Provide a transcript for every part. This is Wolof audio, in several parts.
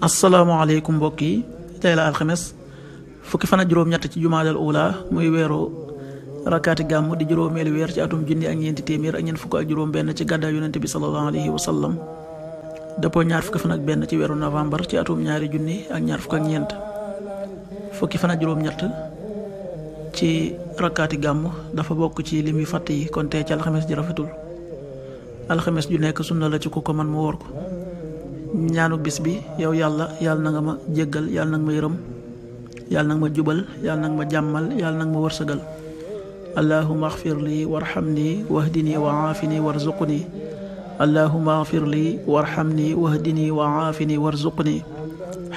asalaamaaleykum mbokk yi tey la alxames fukki fan ak juróom-ñett ci jumaadal ula muy weeru rakkaati gàmm di juróomeelu weer ci atum junni ak ñeenti téeméer ak ñeent fukk ak juróom-benn ci gàddaa yonent bi sallallahu alayhi wa sallam ñaar fukki fan benn ci weeru novembre ci atum ñaari junni ak ñaar fukk ñeent fukki fan ak juróom-ñett ci rakkaati gàmm dafa bokk ci li muy fàtt yi kon tey ci alxames ji rafetul alxames ju nekk sunna la ci ku ko man mu wóor ñaanu bis bi yow yàlla yàlla na nga ma jéggal yàlla na nga ma yërëm yàlla na nga ma jubal yàlla na nga ma jàmmal yàlla na nga ma wërsëgal allahuma axfir lii warxamni wahdini wa aafini warzuqni allahuma axfir lii warxamni wahdini wa aafini warzuqni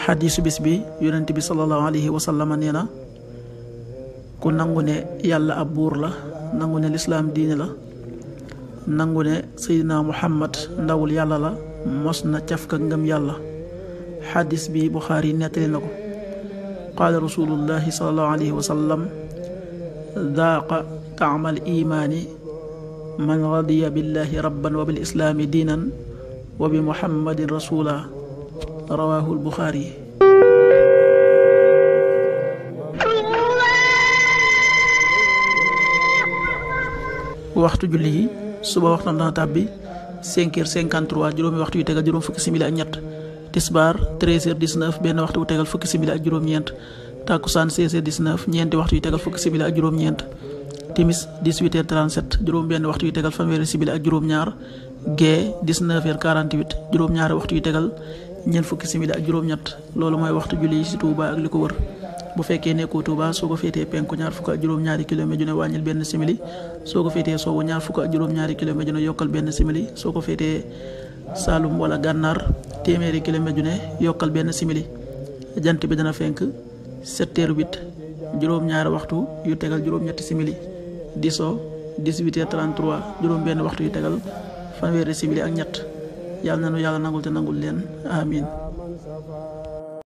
xadiisu bis bi yonent bi sallallahu alayhi wa sallam nee na ku nangu ne yàlla ab buur la nangu ne lislaam diine la nangu ne sayidina muhammad ndawul yàlla la mos cafka ngëm yàlla xadis bi buxaari nettali na ko qaala rasulullahi salallahu alayhi wa sallam daaqa taamal imaani man radiya billahi rabban wa bil islaami wa bi muhammadin rasula rawahu lbuxaari waxtu cinq heures cinquante trois juróomi waxtu yu tegal juróom fukki simili ak ñett tisbaar treize heures benn waxtu bu tegal fukki simili ak juróom-ñeent takkusaan seize heures dix neuf ñeenti waxtu yu tegal fukki simili ak juróom-ñeent timis dix huit heures juróom benn waxtu yu tegal fanweeri simili ak juróom-ñaar gee dix quarante huit juróom-ñaari waxtu yu tegal ñeent fukki simili ak juróom-ñett loolu mooy waxtu julli si Tuuba ak li ko wër. bu fekkee nekkoo Touba soo ko féetee penku ñaar fukk ak juróom-ñaari kilomètre ju ne wàññil benn simili soo ko féetee soowu ñaar fukk ak juróom-ñaari kilomètre ju ne yokkal benn simili soo ko féetee Saalum wala Gànnaar téeméeri kilomètre ju ne yokkal benn simili jant bi dana fenk 7h08 juróom-ñaari waxtu yu tegal juróom-ñetti simili di so 18h33 juróom-benn waxtu yu tegal fanweeri simili ak ñett yàlla na nu yàlla nangul te nangul leen amin